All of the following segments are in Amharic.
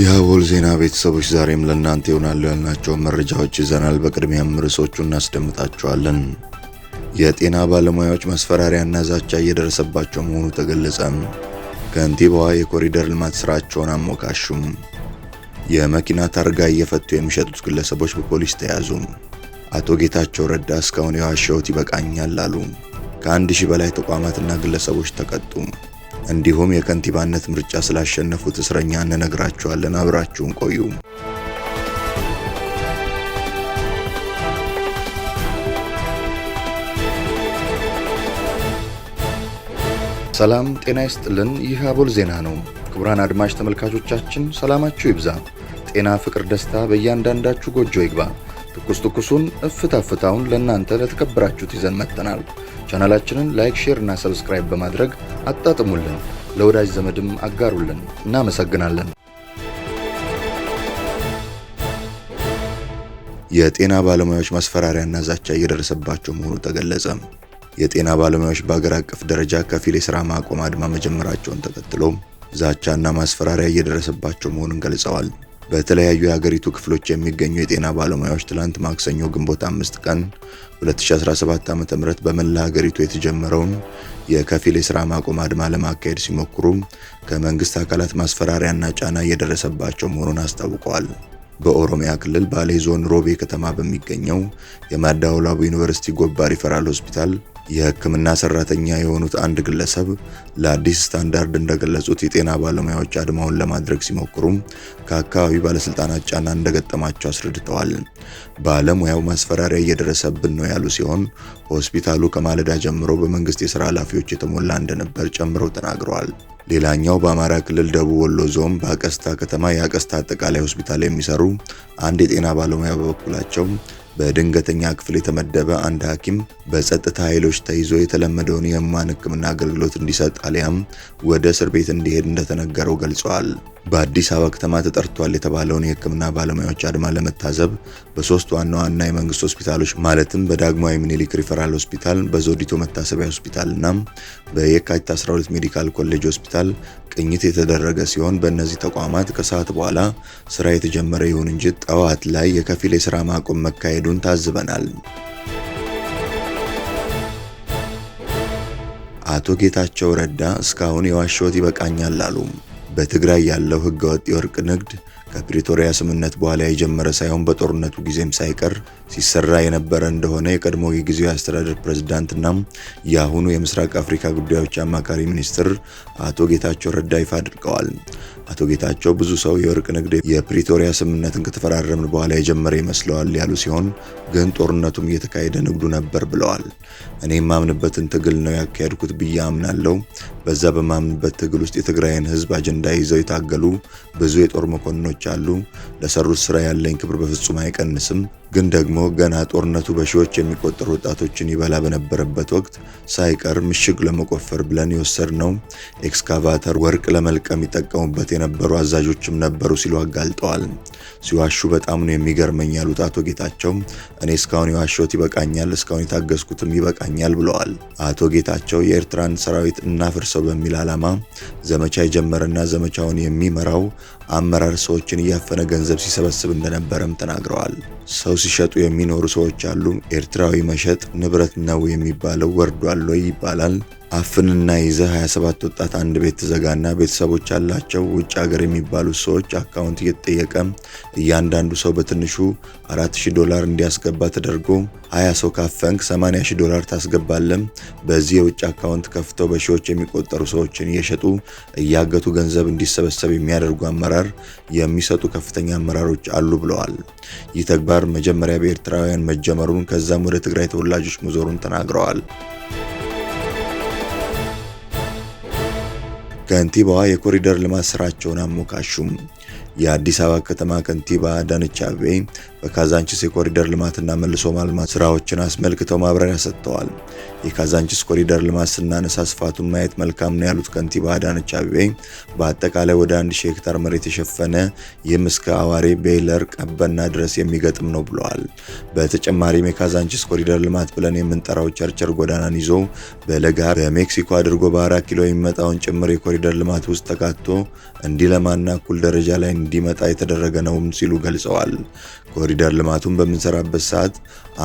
የአቦል ዜና ቤተሰቦች ዛሬም ለእናንተ ይሆናሉ ያልናቸውን መረጃዎች ይዘናል። በቅድሚያም ርዕሶቹ እናስደምጣቸዋለን። የጤና ባለሙያዎች ማስፈራሪያና ዛቻ እየደረሰባቸው መሆኑ ተገለጸ። ከንቲባዋ የኮሪደር ልማት ስራቸውን አሞካሹም። የመኪና ታርጋ እየፈቱ የሚሸጡት ግለሰቦች በፖሊስ ተያዙ። አቶ ጌታቸው ረዳ እስካሁን የዋሸሁት ይበቃኛል አሉ። ከአንድ ሺህ በላይ ተቋማትና ግለሰቦች ተቀጡ። እንዲሁም የከንቲባነት ምርጫ ስላሸነፉት እስረኛ እንነግራችኋለን። አብራችሁን ቆዩ። ሰላም ጤና ይስጥልን። ይህ አቦል ዜና ነው። ክቡራን አድማጭ ተመልካቾቻችን ሰላማችሁ ይብዛ፣ ጤና፣ ፍቅር፣ ደስታ በእያንዳንዳችሁ ጎጆ ይግባ። ትኩስ ትኩሱን እፍታ ፍታውን ለእናንተ ለተከበራችሁት ይዘን መጥተናል። ቻናላችንን ላይክ፣ ሼር እና ሰብስክራይብ በማድረግ አጣጥሙልን፣ ለወዳጅ ዘመድም አጋሩልን። እናመሰግናለን። የጤና ባለሙያዎች ማስፈራሪያና ዛቻ እየደረሰባቸው መሆኑ ተገለጸ። የጤና ባለሙያዎች በአገር አቀፍ ደረጃ ከፊል የሥራ ማቆም አድማ መጀመራቸውን ተከትሎ ዛቻና ማስፈራሪያ እየደረሰባቸው መሆኑን ገልጸዋል። በተለያዩ የሀገሪቱ ክፍሎች የሚገኙ የጤና ባለሙያዎች ትላንት ማክሰኞ ግንቦት አምስት ቀን 2017 ዓ.ም በመላ ሀገሪቱ የተጀመረውን የከፊል የስራ ማቆም አድማ ለማካሄድ ሲሞክሩ ከመንግስት አካላት ማስፈራሪያና ጫና እየደረሰባቸው መሆኑን አስታውቀዋል። በኦሮሚያ ክልል ባሌ ዞን ሮቤ ከተማ በሚገኘው የማዳወላቡ ዩኒቨርሲቲ ጎባ ሪፈራል ሆስፒታል የህክምና ሰራተኛ የሆኑት አንድ ግለሰብ ለአዲስ ስታንዳርድ እንደገለጹት የጤና ባለሙያዎች አድማውን ለማድረግ ሲሞክሩም ከአካባቢ ባለስልጣናት ጫና እንደገጠማቸው አስረድተዋል። ባለሙያው ማስፈራሪያ እየደረሰብን ነው ያሉ ሲሆን ሆስፒታሉ ከማለዳ ጀምሮ በመንግስት የስራ ኃላፊዎች የተሞላ እንደነበር ጨምረው ተናግረዋል። ሌላኛው በአማራ ክልል ደቡብ ወሎ ዞን በአቀስታ ከተማ የአቀስታ አጠቃላይ ሆስፒታል የሚሰሩ አንድ የጤና ባለሙያ በበኩላቸው በድንገተኛ ክፍል የተመደበ አንድ ሐኪም በጸጥታ ኃይሎች ተይዞ የተለመደውን የህሙማን ሕክምና አገልግሎት እንዲሰጥ አሊያም ወደ እስር ቤት እንዲሄድ እንደተነገረው ገልጸዋል። በአዲስ አበባ ከተማ ተጠርቷል የተባለውን የህክምና ባለሙያዎች አድማ ለመታዘብ በሶስት ዋና ዋና የመንግስት ሆስፒታሎች ማለትም በዳግማዊ ምኒልክ ሪፈራል ሆስፒታል፣ በዘውዲቱ መታሰቢያ ሆስፒታል እና በየካቲት 12 ሜዲካል ኮሌጅ ሆስፒታል ቅኝት የተደረገ ሲሆን በእነዚህ ተቋማት ከሰዓት በኋላ ስራ የተጀመረ ይሁን እንጂ ጠዋት ላይ የከፊል የስራ ማቆም መካሄዱን ታዝበናል። አቶ ጌታቸው ረዳ እስካሁን የዋሾት ይበቃኛል አሉ። በትግራይ ያለው ህገወጥ የወርቅ ንግድ ከፕሪቶሪያ ስምምነት በኋላ የጀመረ ሳይሆን በጦርነቱ ጊዜም ሳይቀር ሲሰራ የነበረ እንደሆነ የቀድሞ የጊዜያዊ አስተዳደር ፕሬዝዳንትና የአሁኑ የምስራቅ አፍሪካ ጉዳዮች አማካሪ ሚኒስትር አቶ ጌታቸው ረዳ ይፋ አድርገዋል። አቶ ጌታቸው ብዙ ሰው የወርቅ ንግድ የፕሪቶሪያ ስምምነትን ከተፈራረምን በኋላ የጀመረ ይመስለዋል ያሉ ሲሆን ግን ጦርነቱም እየተካሄደ ንግዱ ነበር ብለዋል። እኔ የማምንበትን ትግል ነው ያካሄድኩት ብዬ አምናለው። በዛ በማምንበት ትግል ውስጥ የትግራይን ህዝብ አጀንዳ ይዘው የታገሉ ብዙ የጦር መኮንኖች አሉ። ለሰሩት ስራ ያለኝ ክብር በፍጹም አይቀንስም። ግን ደግሞ ገና ጦርነቱ በሺዎች የሚቆጠሩ ወጣቶችን ይበላ በነበረበት ወቅት ሳይቀር ምሽግ ለመቆፈር ብለን የወሰድነው ኤክስካቫተር ወርቅ ለመልቀም ይጠቀሙበት የነበሩ አዛዦችም ነበሩ ሲሉ አጋልጠዋል። ሲዋሹ በጣም ነው የሚገርመኝ ያሉት አቶ ጌታቸው እኔ እስካሁን የዋሸሁት ይበቃኛል፣ እስካሁን የታገስኩትም ይበቃኛል ብለዋል። አቶ ጌታቸው የኤርትራን ሰራዊት እናፍርሰው በሚል ዓላማ ዘመቻ የጀመረና ዘመቻውን የሚመራው አመራር ሰዎችን እያፈነ ገንዘብ ሲሰበስብ እንደነበረም ተናግረዋል። ሰው ሲሸጡ የሚኖሩ ሰዎች አሉ። ኤርትራዊ መሸጥ ንብረት ነው የሚባለው ወርዷል ይባላል አፍንና ይዘህ 27 ወጣት አንድ ቤት ትዘጋና ቤተሰቦች ያላቸው ውጭ ሀገር የሚባሉ ሰዎች አካውንት እየተጠየቀ እያንዳንዱ ሰው በትንሹ 4000 ዶላር እንዲያስገባ ተደርጎ 20 ሰው ካፈንክ 80000 ዶላር ታስገባለም። በዚህ የውጭ አካውንት ከፍተው በሺዎች የሚቆጠሩ ሰዎችን እየሸጡ እያገቱ ገንዘብ እንዲሰበሰብ የሚያደርጉ አመራር የሚሰጡ ከፍተኛ አመራሮች አሉ ብለዋል። ይህ ተግባር መጀመሪያ በኤርትራውያን መጀመሩን ከዛም ወደ ትግራይ ተወላጆች መዞሩን ተናግረዋል። ከንቲባዋ የኮሪደር ልማት ስራቸውን አሞካሹም። የአዲስ አበባ ከተማ ከንቲባ አዳነች አቤቤ በካዛንቺስ የኮሪደር ልማትና መልሶ ማልማት ስራዎችን አስመልክተው ማብራሪያ ሰጥተዋል። የካዛንቺስ ኮሪደር ልማት ስናነሳ ስፋቱን ማየት መልካም ነው ያሉት ከንቲባ አዳነች አቤቤ በአጠቃላይ ወደ 1000 ሄክታር መሬት የሸፈነ ይህም እስከ አዋሬ፣ ቤይለር፣ ቀበና ድረስ የሚገጥም ነው ብለዋል። በተጨማሪም የካዛንቺስ ኮሪደር ልማት ብለን የምንጠራው ቸርቸር ጎዳናን ይዞ በለጋ በሜክሲኮ አድርጎ በአራት ኪሎ የሚመጣውን ጭምር የኮሪደር ልማት ውስጥ ተካቶ እንዲለማና እኩል ደረጃ ላይ እንዲመጣ የተደረገ ነውም ሲሉ ገልጸዋል። የኮሪደር ልማቱን በምንሰራበት ሰዓት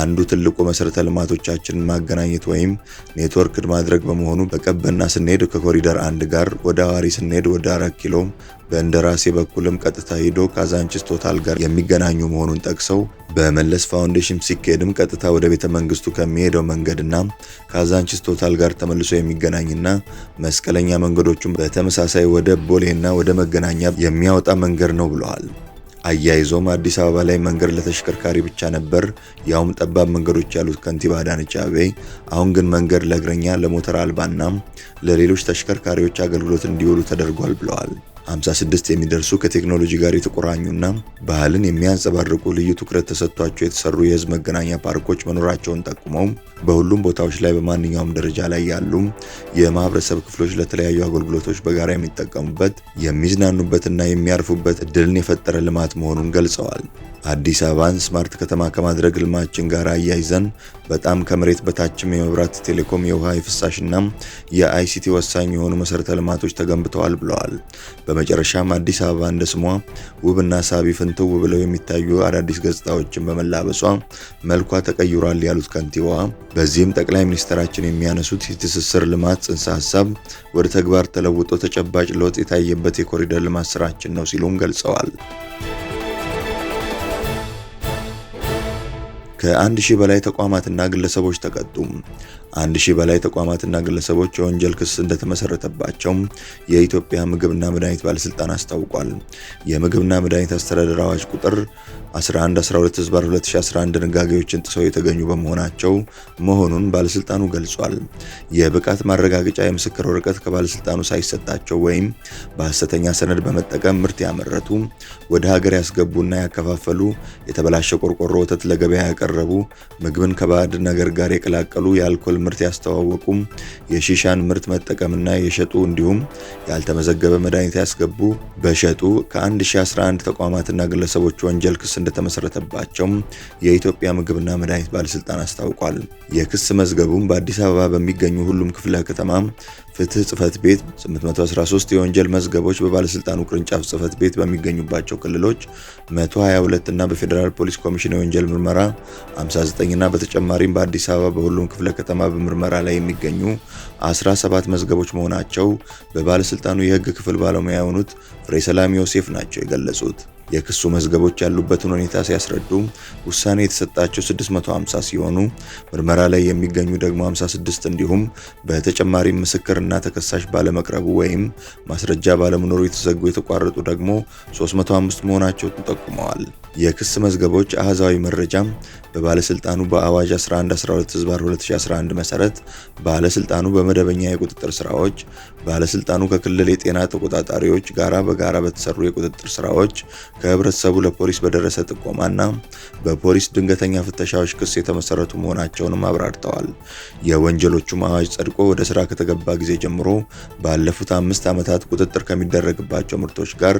አንዱ ትልቁ መሰረተ ልማቶቻችንን ማገናኘት ወይም ኔትወርክ ማድረግ በመሆኑ በቀበና ስንሄድ ከኮሪደር አንድ ጋር ወደ አዋሪ ስንሄድ ወደ አራት ኪሎ በእንደራሴ በኩልም ቀጥታ ሂዶ ካዛንችስ ቶታል ጋር የሚገናኙ መሆኑን ጠቅሰው በመለስ ፋውንዴሽን ሲካሄድም ቀጥታ ወደ ቤተ መንግስቱ ከሚሄደው መንገድና ካዛንችስ ቶታል ጋር ተመልሶ የሚገናኝና መስቀለኛ መንገዶቹም በተመሳሳይ ወደ ቦሌና ወደ መገናኛ የሚያወጣ መንገድ ነው ብለዋል። አያይዞም አዲስ አበባ ላይ መንገድ ለተሽከርካሪ ብቻ ነበር፣ ያውም ጠባብ መንገዶች ያሉት ከንቲባ አዳነች አቤቤ አሁን ግን መንገድ ለእግረኛ ለሞተር አልባና ለሌሎች ተሽከርካሪዎች አገልግሎት እንዲውሉ ተደርጓል ብለዋል። 56 የሚደርሱ ከቴክኖሎጂ ጋር የተቆራኙና ባህልን የሚያንጸባርቁ ልዩ ትኩረት ተሰጥቷቸው የተሰሩ የህዝብ መገናኛ ፓርኮች መኖራቸውን ጠቁመው በሁሉም ቦታዎች ላይ በማንኛውም ደረጃ ላይ ያሉ የማህበረሰብ ክፍሎች ለተለያዩ አገልግሎቶች በጋራ የሚጠቀሙበት የሚዝናኑበትና የሚያርፉበት እድልን የፈጠረ ልማት መሆኑን ገልጸዋል። አዲስ አበባን ስማርት ከተማ ከማድረግ ህልማችን ጋር አያይዘን በጣም ከመሬት በታችም የመብራት፣ ቴሌኮም፣ የውሃ፣ የፍሳሽና የአይሲቲ ወሳኝ የሆኑ መሠረተ ልማቶች ተገንብተዋል ብለዋል። በመጨረሻም አዲስ አበባ እንደ ስሟ ውብና ሳቢ ፍንትው ብለው የሚታዩ አዳዲስ ገጽታዎችን በመላበሷ መልኳ ተቀይሯል ያሉት ከንቲባዋ፣ በዚህም ጠቅላይ ሚኒስትራችን የሚያነሱት የትስስር ልማት ጽንሰ ሀሳብ ወደ ተግባር ተለውጦ ተጨባጭ ለውጥ የታየበት የኮሪደር ልማት ስራችን ነው ሲሉም ገልጸዋል። ከአንድ ሺህ በላይ ተቋማትና ግለሰቦች ተቀጡ። አንድ ሺህ በላይ ተቋማትና ግለሰቦች የወንጀል ክስ እንደተመሰረተባቸው የኢትዮጵያ ምግብና መድኃኒት ባለስልጣን አስታውቋል። የምግብና መድኃኒት አስተዳደር አዋጅ ቁጥር 1112/2011 ድንጋጌዎችን ጥሰው የተገኙ በመሆናቸው መሆኑን ባለስልጣኑ ገልጿል። የብቃት ማረጋገጫ የምስክር ወረቀት ከባለስልጣኑ ሳይሰጣቸው ወይም በሐሰተኛ ሰነድ በመጠቀም ምርት ያመረቱ ወደ ሀገር ያስገቡና ያከፋፈሉ፣ የተበላሸ ቆርቆሮ ወተት ለገበያ ያቀረቡ፣ ምግብን ከባዕድ ነገር ጋር የቀላቀሉ፣ የአልኮል ምርት ያስተዋወቁም፣ የሺሻን ምርት መጠቀምና የሸጡ እንዲሁም ያልተመዘገበ መድኃኒት ያስገቡ፣ በሸጡ ከ1011 ተቋማትና ግለሰቦች ወንጀል ክስ እንደተመሰረተባቸውም የኢትዮጵያ ምግብና መድኃኒት ባለስልጣን አስታውቋል። የክስ መዝገቡም በአዲስ አበባ በሚገኙ ሁሉም ክፍለ ከተማ ፍትህ ጽህፈት ቤት 813 የወንጀል መዝገቦች በባለስልጣኑ ቅርንጫፍ ጽህፈት ቤት በሚገኙባቸው ክልሎች 122 እና በፌዴራል ፖሊስ ኮሚሽን የወንጀል ምርመራ 59 እና በተጨማሪም በአዲስ አበባ በሁሉም ክፍለ ከተማ በምርመራ ላይ የሚገኙ 17 መዝገቦች መሆናቸው በባለስልጣኑ የህግ ክፍል ባለሙያ የሆኑት ፍሬ ሰላም ዮሴፍ ናቸው የገለጹት። የክሱ መዝገቦች ያሉበትን ሁኔታ ሲያስረዱ ውሳኔ የተሰጣቸው 650 ሲሆኑ ምርመራ ላይ የሚገኙ ደግሞ 56 እንዲሁም በተጨማሪም ምስክርና ተከሳሽ ባለመቅረቡ ወይም ማስረጃ ባለመኖሩ የተዘጉ የተቋረጡ ደግሞ 305 መሆናቸውን ጠቁመዋል። የክስ መዝገቦች አህዛዊ መረጃም በባለስልጣኑ በአዋጅ 1112 2011 መሰረት ባለስልጣኑ በመደበኛ የቁጥጥር ስራዎች ባለስልጣኑ ከክልል የጤና ተቆጣጣሪዎች ጋራ በጋራ በተሰሩ የቁጥጥር ስራዎች ከህብረተሰቡ ለፖሊስ በደረሰ ጥቆማና በፖሊስ ድንገተኛ ፍተሻዎች ክስ የተመሰረቱ መሆናቸውንም አብራርተዋል። የወንጀሎቹም አዋጅ ጸድቆ ወደ ስራ ከተገባ ጊዜ ጀምሮ ባለፉት አምስት ዓመታት ቁጥጥር ከሚደረግባቸው ምርቶች ጋር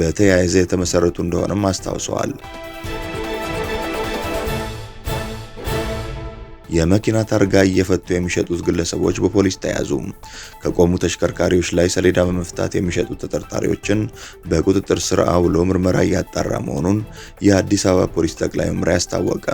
በተያያዘ የተመሰረቱ እንደሆነም አስታውሰዋል። የመኪና ታርጋ እየፈቱ የሚሸጡት ግለሰቦች በፖሊስ ተያዙ። ከቆሙ ተሽከርካሪዎች ላይ ሰሌዳ በመፍታት የሚሸጡ ተጠርጣሪዎችን በቁጥጥር ስር አውሎ ምርመራ እያጣራ መሆኑን የአዲስ አበባ ፖሊስ ጠቅላይ መምሪያ አስታወቀ።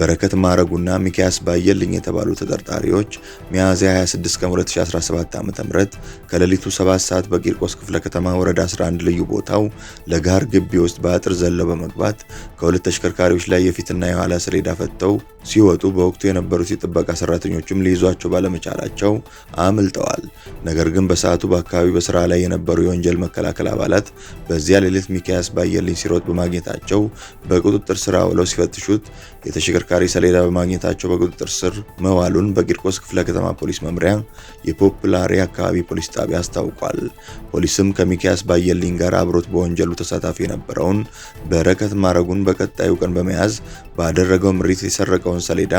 በረከት ማረጉና ሚካያስ ባየልኝ የተባሉ ተጠርጣሪዎች ሚያዝያ 26 ቀን 2017 ዓ.ም ከሌሊቱ 7 ሰዓት በቂርቆስ ክፍለ ከተማ ወረዳ 11 ልዩ ቦታው ለጋር ግቢ ውስጥ በአጥር ዘለው በመግባት ከሁለት ተሽከርካሪዎች ላይ የፊትና የኋላ ሰሌዳ ፈተው ሲወጡ በወቅቱ የነበሩት የጥበቃ ሰራተኞችም ሊይዟቸው ባለመቻላቸው አምልጠዋል። ነገር ግን በሰዓቱ በአካባቢው በስራ ላይ የነበሩ የወንጀል መከላከል አባላት በዚያ ሌሊት ሚካያስ ባየልኝ ሲሮጥ በማግኘታቸው በቁጥጥር ስር አውለው ሲፈትሹት የተሽከርካሪ ሰሌዳ በማግኘታቸው በቁጥጥር ስር መዋሉን በቂርቆስ ክፍለ ከተማ ፖሊስ መምሪያ የፖፕላሪ አካባቢ ፖሊስ ጣቢያ አስታውቋል። ፖሊስም ከሚካያስ ባየልኝ ጋር አብሮት በወንጀሉ ተሳታፊ የነበረውን በረከት ማረጉን በቀጣዩ ቀን በመያዝ ባደረገው ምሪት የሰረቀውን ሰሌዳ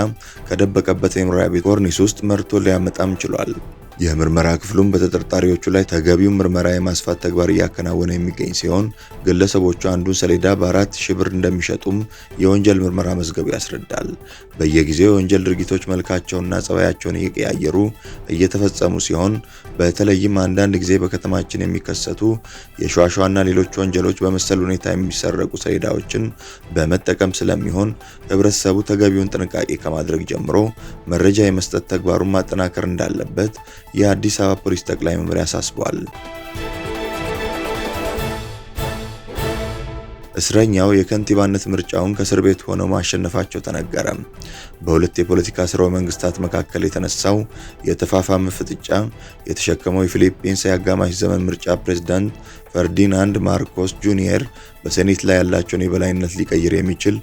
ከደበቀበት የመኖሪያ ቤት ኮርኒስ ውስጥ መርቶ ሊያመጣም ችሏል። የምርመራ ክፍሉም በተጠርጣሪዎቹ ላይ ተገቢው ምርመራ የማስፋት ተግባር እያከናወነ የሚገኝ ሲሆን ግለሰቦቹ አንዱን ሰሌዳ በአራት ሺ ብር እንደሚሸጡም የወንጀል ምርመራ መዝገቡ ያስረዳል። በየጊዜው የወንጀል ድርጊቶች መልካቸውንና ጸባያቸውን እየቀያየሩ እየተፈጸሙ ሲሆን በተለይም አንዳንድ ጊዜ በከተማችን የሚከሰቱ የሸዋሸዋና ሌሎች ወንጀሎች በመሰል ሁኔታ የሚሰረቁ ሰሌዳዎችን በመጠቀም ስለሚሆን ህብረተሰቡ ተገቢውን ጥንቃቄ ከማድረግ ጀምሮ መረጃ የመስጠት ተግባሩን ማጠናከር እንዳለበት የአዲስ አበባ ፖሊስ ጠቅላይ መምሪያ አሳስቧል። እስረኛው የከንቲባነት ምርጫውን ከእስር ቤት ሆነው ማሸነፋቸው ተነገረ። በሁለት የፖለቲካ ስርወ መንግስታት መካከል የተነሳው የተፋፋመ ፍጥጫ የተሸከመው የፊሊፒንስ የአጋማሽ ዘመን ምርጫ ፕሬዝዳንት ፈርዲናንድ ማርኮስ ጁኒየር በሴኔት ላይ ያላቸውን የበላይነት ሊቀይር የሚችል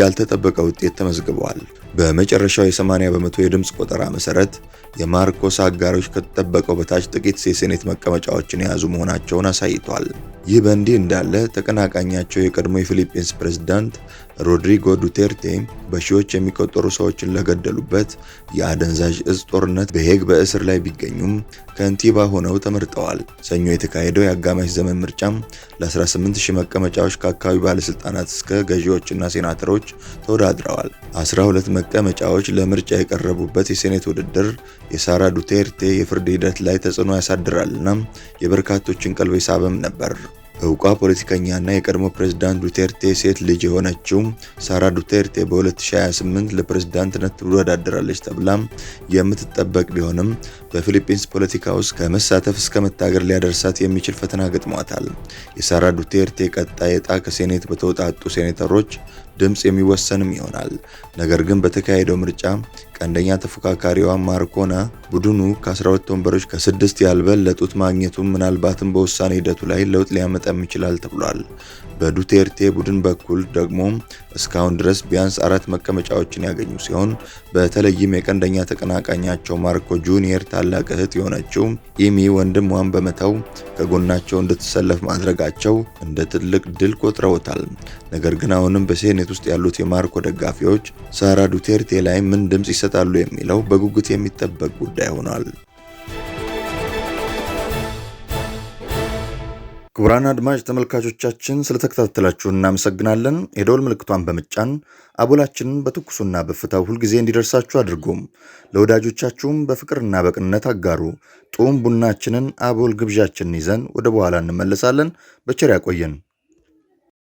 ያልተጠበቀ ውጤት ተመዝግበዋል። በመጨረሻው የ80 በመቶ የድምፅ ቆጠራ መሰረት የማርኮስ አጋሮች ከተጠበቀው በታች ጥቂት የሴኔት መቀመጫዎችን የያዙ መሆናቸውን አሳይቷል። ይህ በእንዲህ እንዳለ ተቀናቃኛቸው የቀድሞ የፊሊፒንስ ፕሬዝዳንት ሮድሪጎ ዱቴርቴ በሺዎች የሚቆጠሩ ሰዎችን ለገደሉበት የአደንዛዥ እጽ ጦርነት በሄግ በእስር ላይ ቢገኙም ከንቲባ ሆነው ተመርጠዋል። ሰኞ የተካሄደው የአጋማሽ ዘመን ምርጫም ለ18000 መቀመጫዎች ከአካባቢ ባለሥልጣናት እስከ ገዢዎችና ሴናተሮች ተወዳድረዋል። 12 መቀመጫዎች ለምርጫ የቀረቡበት የሴኔት ውድድር የሳራ ዱቴርቴ የፍርድ ሂደት ላይ ተጽዕኖ ያሳድራልና የበርካቶችን ቀልብ ሳበም ነበር። እውቋ ፖለቲከኛና የቀድሞ ፕሬዝዳንት ዱቴርቴ ሴት ልጅ የሆነችው ሳራ ዱቴርቴ በ2028 ለፕሬዝዳንትነት ትወዳደራለች ተብላ የምትጠበቅ ቢሆንም በፊሊፒንስ ፖለቲካ ውስጥ ከመሳተፍ እስከ መታገር ሊያደርሳት የሚችል ፈተና ገጥሟታል። የሳራ ዱቴርቴ ቀጣይ ዕጣ ከሴኔት በተውጣጡ ሴኔተሮች ድምፅ የሚወሰንም ይሆናል። ነገር ግን በተካሄደው ምርጫ ቀንደኛ ተፎካካሪዋ ማርኮና ቡድኑ ከ12 ወንበሮች ከስድስት ያልበለጡት ማግኘቱም ምናልባትም በውሳኔ ሂደቱ ላይ ለውጥ ሊያመጣም ይችላል ተብሏል። በዱቴርቴ ቡድን በኩል ደግሞ እስካሁን ድረስ ቢያንስ አራት መቀመጫዎችን ያገኙ ሲሆን በተለይም የቀንደኛ ተቀናቃኛቸው ማርኮ ጁኒየር ታላቅ እህት የሆነችው ኢሚ ወንድሟን በመተው ከጎናቸው እንድትሰለፍ ማድረጋቸው እንደ ትልቅ ድል ቆጥረውታል። ነገር ግን አሁንም በሴኔቱ ውስጥ ያሉት የማርኮ ደጋፊዎች ሳራ ዱቴርቴ ላይ ምን ድምፅ ይሰጣሉ የሚለው በጉጉት የሚጠበቅ ጉዳይ ሆኗል። ክቡራን አድማጭ ተመልካቾቻችን ስለተከታተላችሁ እናመሰግናለን። የደወል ምልክቷን በምጫን አቦላችንን በትኩሱና በፍታው ሁልጊዜ እንዲደርሳችሁ አድርጉም። ለወዳጆቻችሁም በፍቅርና በቅንነት አጋሩ። ጡም ቡናችንን አቦል ግብዣችንን ይዘን ወደ በኋላ እንመለሳለን። በቸር ያቆየን።